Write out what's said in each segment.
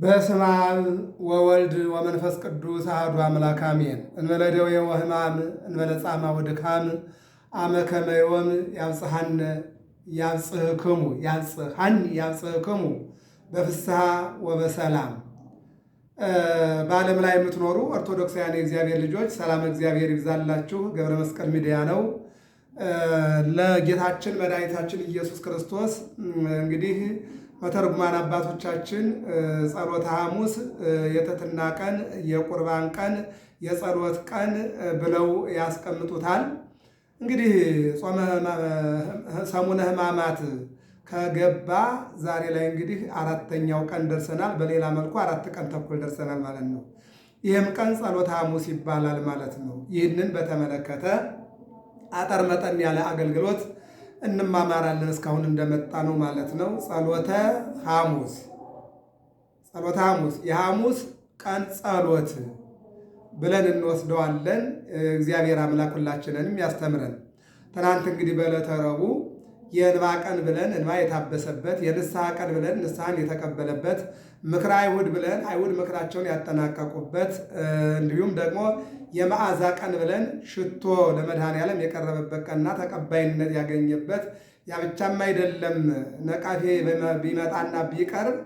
በስመ አብ ወወልድ ወመንፈስ ቅዱስ አሐዱ አምላክ አሜን። እንበለ ደዌ ወሕማም እንበለ ጻማ ወድካም አመ ከመ ዮም ያብጽሐነ ያብጽሕክሙ ያብጽሐን ያብጽሕክሙ በፍስሐ ወበሰላም። በዓለም ላይ የምትኖሩ ኦርቶዶክሳውያን የእግዚአብሔር ልጆች ሰላም እግዚአብሔር ይብዛላችሁ። ገብረ መስቀል ሚዲያ ነው። ለጌታችን መድኃኒታችን ኢየሱስ ክርስቶስ እንግዲህ በተርጓን አባቶቻችን ጸሎተ ሐሙስ የትሕትና ቀን፣ የቁርባን ቀን፣ የጸሎት ቀን ብለው ያስቀምጡታል። እንግዲህ ጾመ ሰሙነ ሕማማት ከገባ ዛሬ ላይ እንግዲህ አራተኛው ቀን ደርሰናል። በሌላ መልኩ አራት ቀን ተኩል ደርሰናል ማለት ነው። ይህም ቀን ጸሎተ ሐሙስ ይባላል ማለት ነው። ይህንን በተመለከተ አጠር መጠን ያለ አገልግሎት እንማማራለን እስካሁን እንደመጣ ነው ማለት ነው። ጸሎተ ሐሙስ ጸሎተ ሐሙስ የሐሙስ ቀን ጸሎት ብለን እንወስደዋለን። እግዚአብሔር አምላክ ሁላችንንም ያስተምረን። ትናንት እንግዲህ በዕለተ ረቡዕ የእንባ ቀን ብለን እንባ የታበሰበት፣ የንስሐ ቀን ብለን ንስሐን የተቀበለበት፣ ምክረ አይሁድ ብለን አይሁድ ምክራቸውን ያጠናቀቁበት፣ እንዲሁም ደግሞ የመዓዛ ቀን ብለን ሽቶ ለመድኃኔዓለም የቀረበበት ቀንና ተቀባይነት ያገኘበት ያ ብቻም አይደለም። ነቃፌ ቢመጣና ቢቀርብ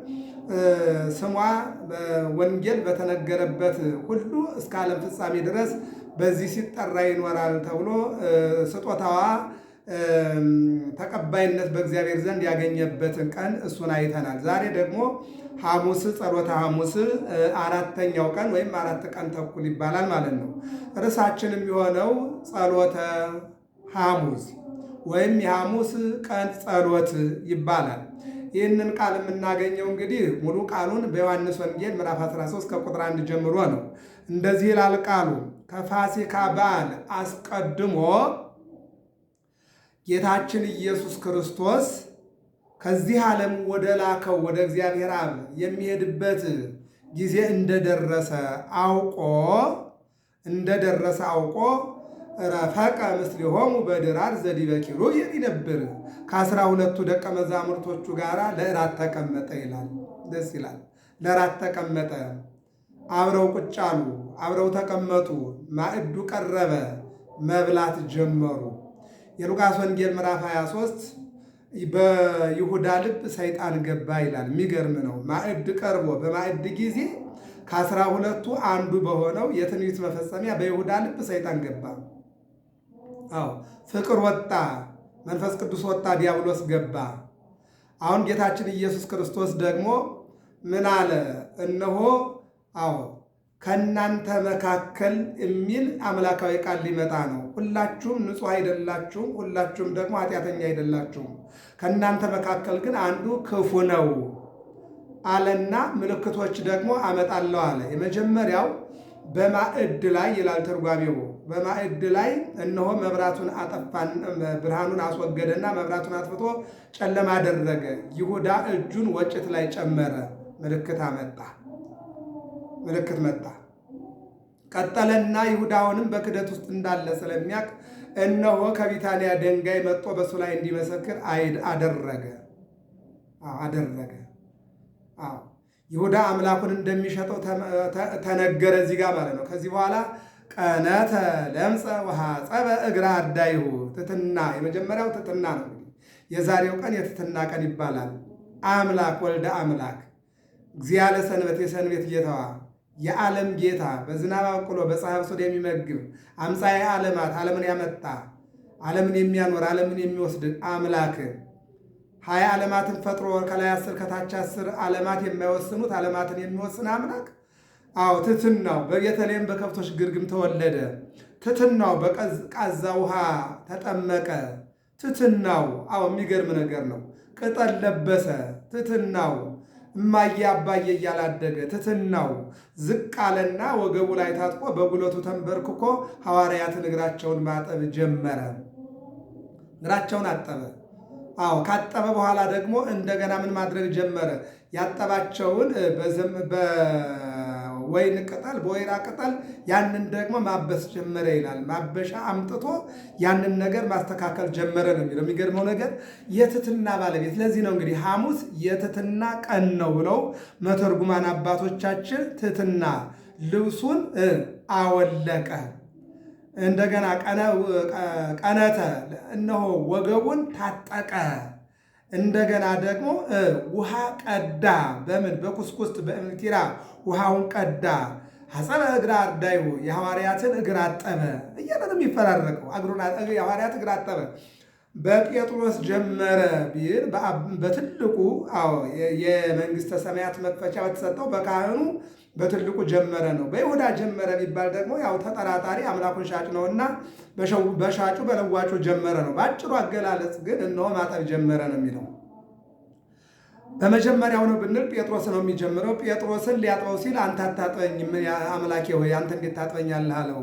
ስሟ ወንጌል በተነገረበት ሁሉ እስከ ዓለም ፍጻሜ ድረስ በዚህ ሲጠራ ይኖራል ተብሎ ስጦታዋ ተቀባይነት በእግዚአብሔር ዘንድ ያገኘበትን ቀን እሱን አይተናል። ዛሬ ደግሞ ሐሙስ ጸሎተ ሐሙስ አራተኛው ቀን ወይም አራት ቀን ተኩል ይባላል ማለት ነው። ርዕሳችን የሚሆነው ጸሎተ ሐሙስ ወይም የሐሙስ ቀን ጸሎት ይባላል። ይህንን ቃል የምናገኘው እንግዲህ ሙሉ ቃሉን በዮሐንስ ወንጌል ምዕራፍ 13 ከቁጥር 1 ጀምሮ ነው። እንደዚህ ይላል ቃሉ ከፋሲካ በዓል አስቀድሞ ጌታችን ኢየሱስ ክርስቶስ ከዚህ ዓለም ወደ ላከው ወደ እግዚአብሔር አብ የሚሄድበት ጊዜ እንደደረሰ አውቆ እንደደረሰ አውቆ ረፈቀ ምስሊሆሙ በድራር ዘዲበኪሩ የሚነብር ከአስራ ሁለቱ ደቀ መዛሙርቶቹ ጋር ለእራት ተቀመጠ ይላል። ደስ ይላል። ለእራት ተቀመጠ። አብረው ቁጭ አሉ። አብረው ተቀመጡ። ማዕዱ ቀረበ። መብላት ጀመሩ። የሉቃስ ወንጌል ምዕራፍ 23 በይሁዳ ልብ ሰይጣን ገባ ይላል። የሚገርም ነው። ማዕድ ቀርቦ በማዕድ ጊዜ ከአስራ ሁለቱ አንዱ በሆነው የትንቢት መፈጸሚያ በይሁዳ ልብ ሰይጣን ገባ። አዎ ፍቅር ወጣ፣ መንፈስ ቅዱስ ወጣ፣ ዲያብሎስ ገባ። አሁን ጌታችን ኢየሱስ ክርስቶስ ደግሞ ምን አለ? እነሆ አዎ ከእናንተ መካከል የሚል አምላካዊ ቃል ሊመጣ ነው። ሁላችሁም ንጹሕ አይደላችሁም፣ ሁላችሁም ደግሞ ኃጢአተኛ አይደላችሁም። ከእናንተ መካከል ግን አንዱ ክፉ ነው አለና ምልክቶች ደግሞ አመጣለሁ አለ። የመጀመሪያው በማዕድ ላይ ይላል ትርጓሜው። በማዕድ ላይ እነሆ መብራቱን አጠፋን፣ ብርሃኑን አስወገደና መብራቱን አጥፍቶ ጨለማ አደረገ። ይሁዳ እጁን ወጭት ላይ ጨመረ፣ ምልክት አመጣ። ምልክት መጣ። ቀጠለና ይሁዳውንም በክደት ውስጥ እንዳለ ስለሚያውቅ እነሆ ከቢታንያ ድንጋይ መጥቶ በእሱ ላይ እንዲመሰክር አደረገ አደረገ። ይሁዳ አምላኩን እንደሚሸጠው ተነገረ። እዚህ ጋር ማለት ነው። ከዚህ በኋላ ቀነተ ለምፀ ወሐፀበ እግረ አዳይሁ ትትና፣ የመጀመሪያው ትትና ነው። የዛሬው ቀን የትትና ቀን ይባላል። አምላክ ወልደ አምላክ እግዚአለ ሰንበት የሰንቤት ጌታዋ የዓለም ጌታ በዝናብ አብቅሎ በፀሐይ አብስሎ የሚመግብ አምሳየ ዓለማት ዓለምን ያመጣ ዓለምን የሚያኖር ዓለምን የሚወስድ አምላክ ሀያ ዓለማትን ፈጥሮ ከላይ አስር ከታች አስር ዓለማት የማይወስኑት ዓለማትን የሚወስን አምላክ አዎ ትትናው በቤተልሔም በከብቶች ግርግም ተወለደ። ትትናው በቀዝቃዛ ውሃ ተጠመቀ። ትትናው አዎ የሚገርም ነገር ነው። ቅጠል ለበሰ ትሕትናው እማዬ አባዬ እያላደገ ትትናው ዝቅ አለና ወገቡ ላይ ታጥቆ በጉለቱ ተንበርክኮ ሐዋርያትን እግራቸውን ማጠብ ጀመረ። እግራቸውን አጠበ። አዎ ካጠበ በኋላ ደግሞ እንደገና ምን ማድረግ ጀመረ? ያጠባቸውን ወይን ቅጠል በወይራ ቅጠል ያንን ደግሞ ማበስ ጀመረ ይላል። ማበሻ አምጥቶ ያንን ነገር ማስተካከል ጀመረ ነው የሚለው። የሚገርመው ነገር የትትና ባለቤት። ለዚህ ነው እንግዲህ ሐሙስ የትትና ቀን ነው ብለው መተርጉማን አባቶቻችን ትትና ልብሱን አወለቀ እንደገና ቀነተ እነሆ ወገቡን ታጠቀ እንደገና ደግሞ ውሃ ቀዳ በምን በኩስኩስት በእምቲራ ውሃውን ቀዳ ሐፀበ እግር አርዳይሁ የሐዋርያትን እግር አጠበ እያለ ነው የሚፈራረቀው። የሐዋርያት እግር አጠበ በጴጥሮስ ጀመረ ቢል በትልቁ የመንግስተ ሰማያት መክፈቻ በተሰጠው በካህኑ በትልቁ ጀመረ ነው። በይሁዳ ጀመረ የሚባል ደግሞ ያው ተጠራጣሪ አምላኩን ሻጭ ነውና በሻጩ በለዋጩ ጀመረ ነው። በአጭሩ አገላለጽ ግን እነሆ ማጠብ ጀመረ ነው የሚለው። በመጀመሪያው ነው ብንል ጴጥሮስ ነው የሚጀምረው። ጴጥሮስን ሊያጥበው ሲል አንተ አታጥበኝ አምላኬ ሆይ አንተ እንዴት ታጥበኛለህ አለው።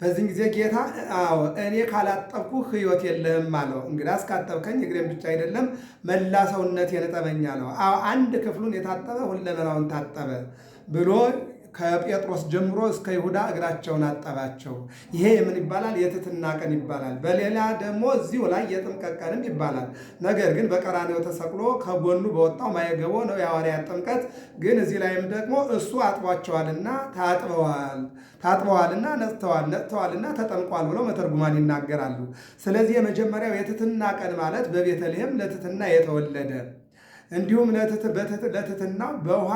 በዚህን ጊዜ ጌታ አዎ እኔ ካላጠብኩ ህይወት የለህም አለው። እንግዲህ አስካጠብከኝ እግሬን ብቻ አይደለም መላ ሰውነቴን እጠበኝ አለው። አንድ ክፍሉን የታጠበ ሁለመናውን ታጠበ። ብሎ ከጴጥሮስ ጀምሮ እስከ ይሁዳ እግራቸውን አጠባቸው። ይሄ የምን ይባላል? የትትና ቀን ይባላል። በሌላ ደግሞ እዚሁ ላይ የጥምቀት ቀንም ይባላል። ነገር ግን በቀራንዮ ተሰቅሎ ከጎኑ በወጣው ማየገቦ ነው የሐዋርያት ጥምቀት። ግን እዚህ ላይም ደግሞ እሱ አጥቧቸዋልና ታጥበዋል፣ ታጥበዋልና ነጥተዋል፣ ነጥተዋልና ተጠምቋል ብሎ መተርጉማን ይናገራሉ። ስለዚህ የመጀመሪያው የትትና ቀን ማለት በቤተልሔም ለትትና የተወለደ እንዲሁም ለትትና በውሃ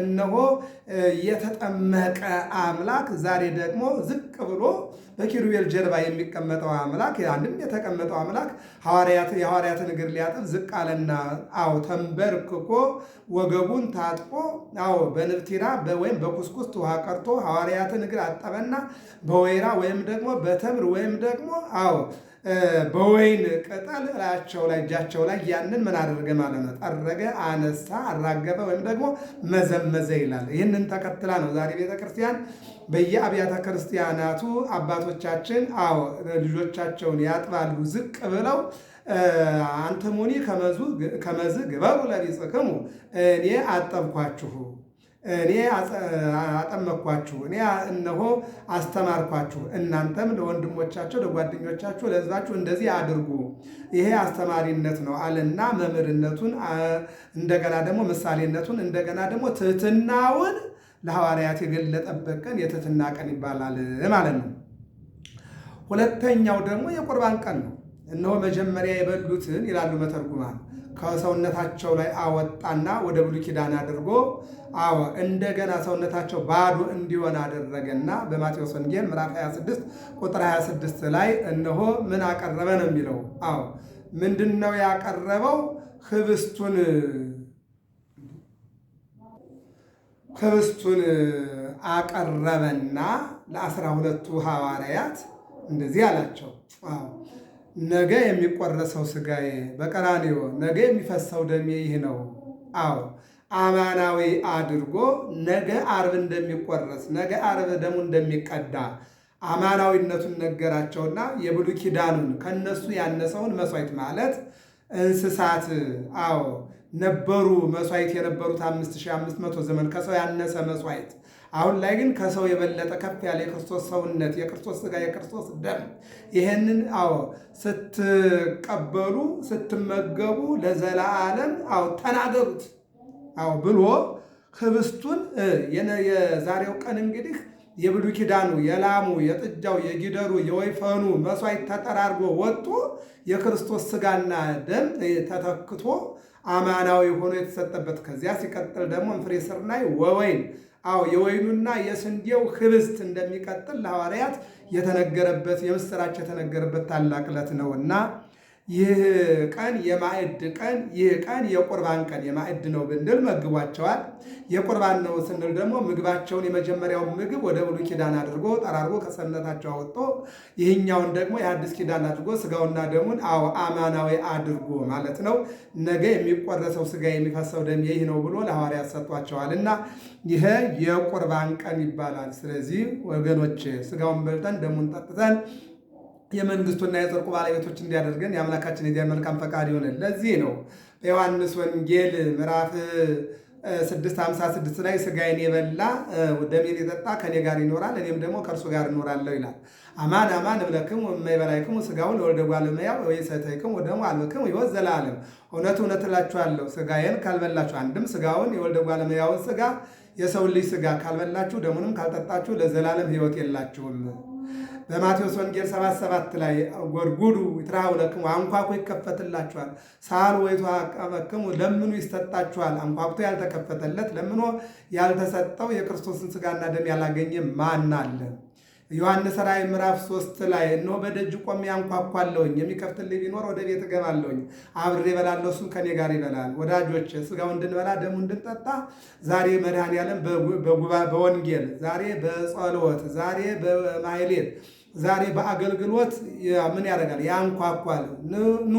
እነሆ የተጠመቀ አምላክ ዛሬ ደግሞ ዝቅ ብሎ በኪሩቤል ጀርባ የሚቀመጠው አምላክ አንድም የተቀመጠው አምላክ የሐዋርያትን እግር ሊያጥብ ዝቅ አለና፣ አዎ ተንበርክኮ ወገቡን ታጥቆ፣ አዎ በንብቲራ ወይም በኩስኩስ ውሃ ቀርቶ ሐዋርያትን እግር አጠበና በወይራ ወይም ደግሞ በተምር ወይም ደግሞ አዎ በወይን ቅጠል ራቸው ላይ እጃቸው ላይ ያንን ምን አደረገ ማለት ነው? ጠረገ፣ አነሳ፣ አራገፈ ወይም ደግሞ መዘመዘ ይላል። ይህንን ተከትላ ነው ዛሬ ቤተክርስቲያን በየአብያተ ክርስቲያናቱ አባቶቻችን አዎ ልጆቻቸውን ያጥባሉ ዝቅ ብለው አንትሙኒ ከመዝ ግበሩ ለሊጽክሙ እኔ አጠብኳችሁ እኔ አጠመኳችሁ፣ እኔ እነሆ አስተማርኳችሁ፣ እናንተም ለወንድሞቻቸው ለጓደኞቻችሁ፣ ለሕዝባችሁ እንደዚህ አድርጉ። ይሄ አስተማሪነት ነው አለና መምህርነቱን፣ እንደገና ደግሞ ምሳሌነቱን፣ እንደገና ደግሞ ትህትናውን ለሐዋርያት የገለጠበት ቀን የትህትና ቀን ይባላል ማለት ነው። ሁለተኛው ደግሞ የቁርባን ቀን ነው። እነሆ መጀመሪያ የበሉትን ይላሉ መተርጉማን ከሰውነታቸው ላይ አወጣና ወደ ብሉይ ኪዳን አድርጎ አዎ እንደገና ሰውነታቸው ባዶ እንዲሆን አደረገና በማቴዎስ ወንጌል ምዕራፍ 26 ቁጥር 26 ላይ እነሆ ምን አቀረበ ነው የሚለው። አዎ ምንድን ነው ያቀረበው? ህብስቱን ህብስቱን አቀረበና ለአስራ ሁለቱ ሐዋርያት እንደዚህ አላቸው። አዎ ነገ የሚቆረሰው ስጋዬ በቀራንዮ ነገ የሚፈሰው ደሜ ይህ ነው። አዎ አማናዊ አድርጎ ነገ አርብ እንደሚቆረስ ነገ አርብ ደሙ እንደሚቀዳ አማናዊነቱን ነገራቸውና የብሉይ ኪዳኑን ከነሱ ያነሰውን መስዋዕት ማለት እንስሳት አዎ ነበሩ መስዋዕት የነበሩት አምስት ዘመን ከሰው ያነሰ መስዋዕት አሁን ላይ ግን ከሰው የበለጠ ከፍ ያለ የክርስቶስ ሰውነት የክርስቶስ ስጋ የክርስቶስ ደም ይህንን አዎ ስትቀበሉ ስትመገቡ ለዘላለም አዎ ተናገሩት አዎ ብሎ ህብስቱን የዛሬው ቀን እንግዲህ የብሉ ኪዳኑ የላሙ የጥጃው የጊደሩ የወይፈኑ መስዋዕት ተጠራርጎ ወጥቶ የክርስቶስ ስጋና ደም ተተክቶ አማናዊ ሆኖ የተሰጠበት ከዚያ ሲቀጥል ደግሞ እንፍሬ ስርናይ ወወይን አዎ የወይኑና የስንዴው ህብስት እንደሚቀጥል ለሐዋርያት የተነገረበት የምስራች የተነገረበት ታላቅ ዕለት ነውና ይህ ቀን የማዕድ ቀን ይህ ቀን የቁርባን ቀን የማዕድ ነው ብንል መግቧቸዋል። የቁርባን ነው ስንል ደግሞ ምግባቸውን የመጀመሪያውን ምግብ ወደ ብሉይ ኪዳን አድርጎ ጠራርጎ ከሰውነታቸው አወጥቶ ይህኛውን ደግሞ የአዲስ ኪዳን አድርጎ ስጋውና ደሙን አዎ አማናዊ አድርጎ ማለት ነው። ነገ የሚቆረሰው ስጋ የሚፈሰው ደም ይህ ነው ብሎ ለሐዋርያት ሰጥቷቸዋል እና ይሄ የቁርባን ቀን ይባላል። ስለዚህ ወገኖች ስጋውን በልተን ደሙን ጠጥተን የመንግስቱና የጽርቁ ባለቤቶች እንዲያደርገን የአምላካችን የዚያን መልካም ፈቃድ ይሆነን። ለዚህ ነው በዮሐንስ ወንጌል ምዕራፍ 656 ላይ ስጋዬን የበላ ደሜን የጠጣ ከኔ ጋር ይኖራል፣ እኔም ደግሞ ከእርሱ ጋር እኖራለሁ ይላል። አማን አማን እብለክሙ እማይበላይክሙ ስጋውን ለወልደ እጓለ እመሕያው ወኢሰተይክሙ ወደሙ አልበክሙ ሕይወት ዘላለም። እውነት እውነት እላችኋለሁ ስጋዬን ካልበላችሁ አንድም ስጋውን የወልደ እጓለ እመሕያውን ስጋ የሰውን ልጅ ስጋ ካልበላችሁ ደሙንም ካልጠጣችሁ ለዘላለም ሕይወት የላችሁም። በማቴዎስ ወንጌል 77 ላይ ጎድጉዱ ይትራው ለክሙ አንኳኩ ይከፈትላችኋል፣ ሳሉ ወይቷ ቀበክሙ ለምኑ ይሰጣችኋል። አንኳኩቶ ያልተከፈተለት ለምኖ ያልተሰጠው የክርስቶስን ስጋና ደም ያላገኘ ማን አለ? ዮሐንስ ራእይ ምዕራፍ 3 ላይ እነሆ በደጅ ቆሜ አንኳኳለሁኝ፣ የሚከፍትልኝ ቢኖር ወደ ቤት እገባለሁኝ፣ አብሬ እበላለሁ፣ እሱም ከኔ ጋር ይበላል። ወዳጆች ስጋው እንድንበላ ደሙ እንድንጠጣ ዛሬ መድኃኔ ዓለም በወንጌል ዛሬ በጸሎት ዛሬ በማይሌት ዛሬ በአገልግሎት ምን ያደርጋል? ያንኳኳል። ኑ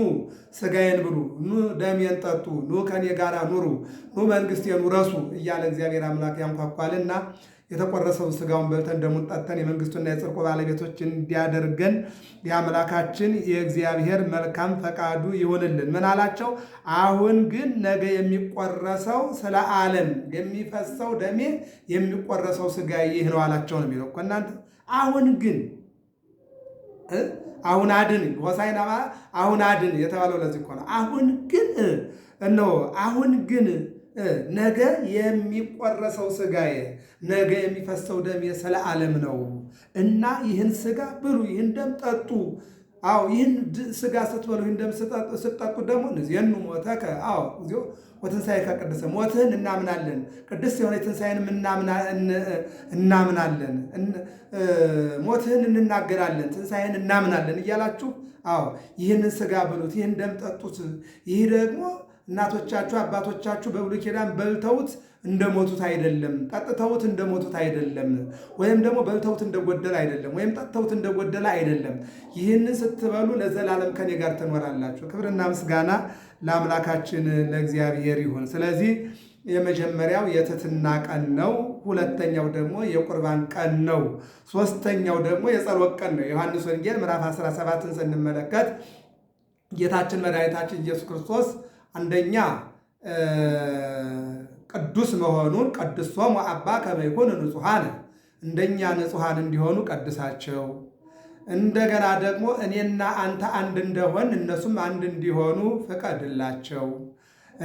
ስጋዬን ብሉ፣ ኑ ደሜን ጠጡ፣ ኑ ከኔ ጋር ኑሩ፣ ኑ መንግስቴን ውረሱ እያለ እግዚአብሔር አምላክ ያንኳኳልና የተቆረሰውን ስጋውን በልተን ደሙን ጠጥተን የመንግስቱና የጽድቁ ባለቤቶች እንዲያደርገን የአምላካችን የእግዚአብሔር መልካም ፈቃዱ ይሆንልን። ምን አላቸው? አሁን ግን ነገ የሚቆረሰው ስለ ዓለም የሚፈሰው ደሜ የሚቆረሰው ስጋ ይህ ነው አላቸው ነው የሚለው እኮ እናንተ አሁን ግን አሁን አድን ሆሳዕና አሁን አድን የተባለው ለዚህ እኮ ነው። አሁን ግን እነሆ አሁን ግን ነገ የሚቆረሰው ስጋዬ ነገ የሚፈሰው ደሜ ስለ ዓለም ነው እና ይህን ስጋ ብሉ፣ ይህን ደም ጠጡ አዎ ይህን ስጋ ስትበሉ ይህን ደም ስትጠጡት ደግሞ ንዜኑ ሞተከ አዎ እግዚኦ ወትንሣኤከ ቅድስተ ሞትህን እናምናለን፣ ቅድስት የሆነ ትንሣኤንም እናምናለን፣ ሞትህን እንናገራለን፣ ትንሣኤን እናምናለን እያላችሁ አዎ ይህንን ስጋ ብሉት፣ ይህን ደም ጠጡት። ይህ ደግሞ እናቶቻችሁ አባቶቻችሁ በብሉይ ኪዳን በልተውት እንደሞቱት አይደለም፣ ጠጥተውት እንደሞቱት አይደለም፣ ወይም ደግሞ በልተውት እንደጎደለ አይደለም፣ ወይም ጠጥተውት እንደጎደለ አይደለም። ይህንን ስትበሉ ለዘላለም ከኔ ጋር ትኖራላችሁ። ክብርና ምስጋና ለአምላካችን ለእግዚአብሔር ይሁን። ስለዚህ የመጀመሪያው የትትና ቀን ነው። ሁለተኛው ደግሞ የቁርባን ቀን ነው። ሶስተኛው ደግሞ የጸሎት ቀን ነው። ዮሐንስ ወንጌል ምዕራፍ 17ን ስንመለከት ጌታችን መድኃኒታችን ኢየሱስ ክርስቶስ አንደኛ ቅዱስ መሆኑን ቀድሶሙ አባ ከመ ይኩኑ ንጹሐነ እንደኛ ንጹሐን እንዲሆኑ ቀድሳቸው። እንደገና ደግሞ እኔና አንተ አንድ እንደሆን እነሱም አንድ እንዲሆኑ ፍቀድላቸው።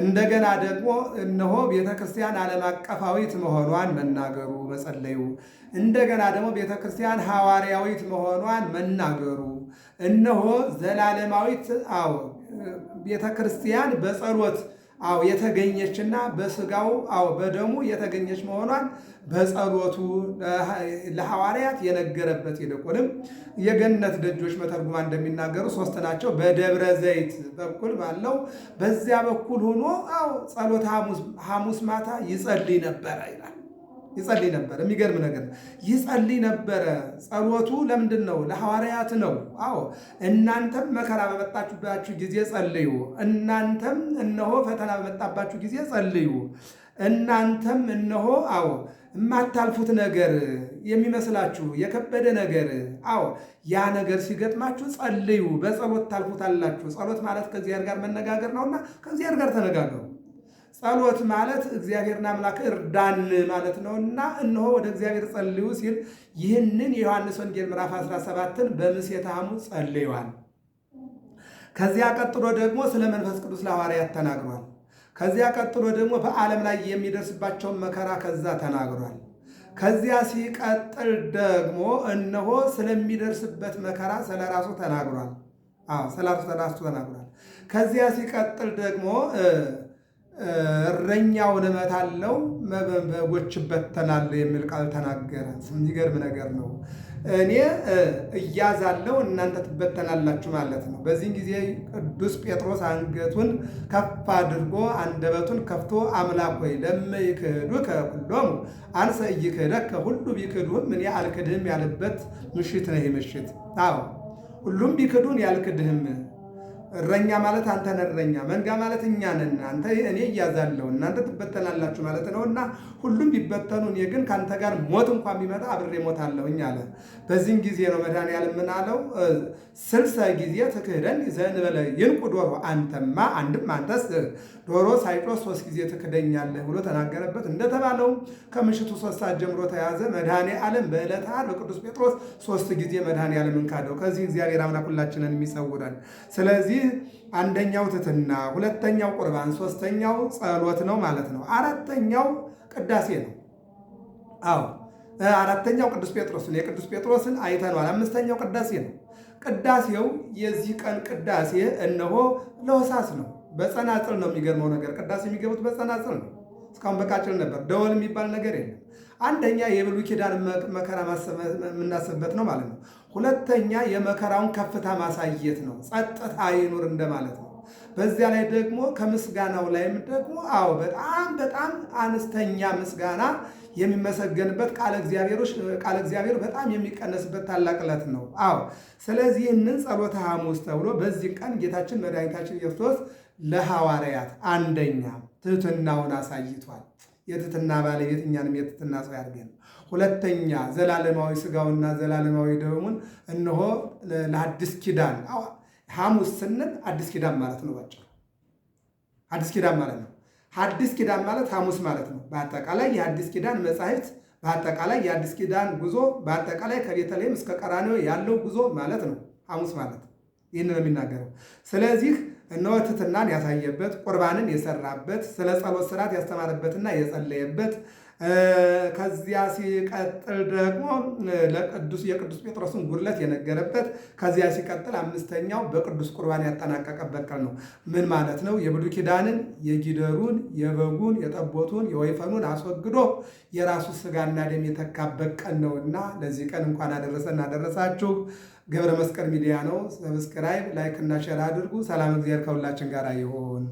እንደገና ደግሞ እነሆ ቤተ ክርስቲያን ዓለም አቀፋዊት መሆኗን መናገሩ መጸለዩ፣ እንደገና ደግሞ ቤተ ክርስቲያን ሐዋርያዊት መሆኗን መናገሩ፣ እነሆ ዘላለማዊት አዎ ቤተ ክርስቲያን በጸሎት አዎ የተገኘችና በስጋው አዎ በደሙ የተገኘች መሆኗን በጸሎቱ ለሐዋርያት የነገረበት ይልቁንም የገነት ደጆች መተርጉማ እንደሚናገሩ ሶስት ናቸው። በደብረ ዘይት በኩል ባለው በዚያ በኩል ሆኖ አዎ ጸሎት ሐሙስ ማታ ይጸልይ ነበረ ይላል። ይጸልይ ነበር። የሚገርም ነገር ይጸልይ ነበረ። ጸሎቱ ለምንድን ነው? ለሐዋርያት ነው። አዎ እናንተም መከራ በመጣችሁባችሁ ጊዜ ጸልዩ፣ እናንተም እነሆ ፈተና በመጣባችሁ ጊዜ ጸልዩ፣ እናንተም እነሆ አዎ የማታልፉት ነገር የሚመስላችሁ የከበደ ነገር አዎ ያ ነገር ሲገጥማችሁ ጸልዩ፣ በጸሎት ታልፉታላችሁ። ጸሎት ማለት ከእግዚአብሔር ጋር መነጋገር ነውና ከእግዚአብሔር ጋር ተነጋገሩ። ጸሎት ማለት እግዚአብሔርን አምላክ እርዳን ማለት ነው እና እነሆ ወደ እግዚአብሔር ጸልዩ ሲል ይህንን የዮሐንስ ወንጌል ምዕራፍ 17ን በምሴተ ሐሙስ ጸልዩዋል። ከዚያ ቀጥሎ ደግሞ ስለ መንፈስ ቅዱስ ለሐዋርያት ተናግሯል። ከዚያ ቀጥሎ ደግሞ በዓለም ላይ የሚደርስባቸውን መከራ ከዛ ተናግሯል። ከዚያ ሲቀጥል ደግሞ እነሆ ስለሚደርስበት መከራ ስለ ራሱ ተናግሯል። ስለ ራሱ ተናግሯል። ከዚያ ሲቀጥል ደግሞ እረኛውን እመታለሁ በጎች ይበተናል የሚል ቃል ተናገረ። የሚገርም ነገር ነው። እኔ እያዛለሁ እናንተ ትበተናላችሁ ማለት ነው። በዚህ ጊዜ ቅዱስ ጴጥሮስ አንገቱን ከፍ አድርጎ አንደበቱን ከፍቶ አምላክ ወይ ለመ ይክህዱከ ሁሎሙ አንሰ እይክህደከ ከሁሉ ቢክህዱህም እኔ አልክድህም ያለበት ምሽት ነው። ይህ ምሽት አዎ ሁሉም ቢክዱን ያልክድህም እረኛ ማለት አንተን እረኛ መንጋ ማለት እኛ ነን። አንተ እኔ እያዛለሁ እናንተ ትበተናላችሁ ማለት ነው። እና ሁሉም ቢበተኑ እኔ ግን ከአንተ ጋር ሞት እንኳን ቢመጣ አብሬ ሞታለሁኝ አለ። በዚህን ጊዜ ነው መድኃኒዓለም ምን አለው? ስልሰ ጊዜ ትክህደን ዘእንበለ ይንቁ ዶሮ አንተማ አንድም አንተስ ዶሮ ሳይጮህ ሶስት ጊዜ ትክደኛለህ ብሎ ተናገረበት። እንደተባለው ከምሽቱ ሶስት ሰዓት ጀምሮ ተያዘ። መድኃኒዓለም በዕለተ ዓርብ በቅዱስ ጴጥሮስ ሶስት ጊዜ መድኃኒዓለምን ካደው። ከዚህ እግዚአብሔር አምላክ ሁላችንን የሚሰውረን ስለዚህ አንደኛው ትትና ሁለተኛው ቁርባን፣ ሶስተኛው ጸሎት ነው ማለት ነው። አራተኛው ቅዳሴ ነው። አዎ አራተኛው ቅዱስ ጴጥሮስ ነው። የቅዱስ ጴጥሮስን አይተነዋል። አምስተኛው ቅዳሴ ነው። ቅዳሴው የዚህ ቀን ቅዳሴ እነሆ ለሆሳስ ነው። በጸናጽል ነው። የሚገርመው ነገር ቅዳሴ የሚገቡት በጸናጽል ነው። እስካሁን በቃጭል ነበር። ደወል የሚባል ነገር የለም። አንደኛ የብሉይ ኪዳን መከራ የምናስብበት ነው ማለት ነው። ሁለተኛ የመከራውን ከፍታ ማሳየት ነው፣ ጸጥታ ይኑር እንደማለት ነው። በዚያ ላይ ደግሞ ከምስጋናው ላይም ደግሞ አዎ በጣም በጣም አነስተኛ ምስጋና የሚመሰገንበት ቃለ እግዚአብሔር በጣም የሚቀነስበት ታላቅ ዕለት ነው። አዎ ስለዚህ ይህንን ጸሎተ ሐሙስ ተብሎ በዚህ ቀን ጌታችን መድኃኒታችን ኢየሱስ ለሐዋርያት አንደኛ ትህትናውን አሳይቷል። የትትና ባለቤት እኛንም የትትና ሰው ያድርገን። ሁለተኛ ዘላለማዊ ስጋውና ዘላለማዊ ደሙን እነሆ ለአዲስ ኪዳን ሐሙስ ስንል አዲስ ኪዳን ማለት ነው። ባጭሩ አዲስ ኪዳን ማለት ነው። አዲስ ኪዳን ማለት ሐሙስ ማለት ነው። በአጠቃላይ የአዲስ ኪዳን መጻሕፍት፣ በአጠቃላይ የአዲስ ኪዳን ጉዞ፣ በአጠቃላይ ከቤተልሔም እስከ ቀራንዮ ያለው ጉዞ ማለት ነው። ሐሙስ ማለት ይህን ነው የሚናገረው። ስለዚህ እነሆ ትሕትናን ያሳየበት ቁርባንን የሰራበት ስለ ጸሎት ስርዓት ያስተማረበትና የጸለየበት ከዚያ ሲቀጥል ደግሞ ለቅዱስ የቅዱስ ጴጥሮስን ጉድለት የነገረበት ከዚያ ሲቀጥል አምስተኛው በቅዱስ ቁርባን ያጠናቀቀበት ቀን ነው። ምን ማለት ነው? የብሉይ ኪዳንን የጊደሩን፣ የበጉን፣ የጠቦቱን፣ የወይፈኑን አስወግዶ የራሱ ስጋና ደም የተካበት ቀን ነውና ለዚህ ቀን እንኳን አደረሰን አደረሳችሁ። ገብረ መስቀል ሚዲያ ነው። ሰብስክራይብ፣ ላይክ እና ሼር አድርጉ። ሰላም እግዚአብሔር ከሁላችን ጋር ይሁን።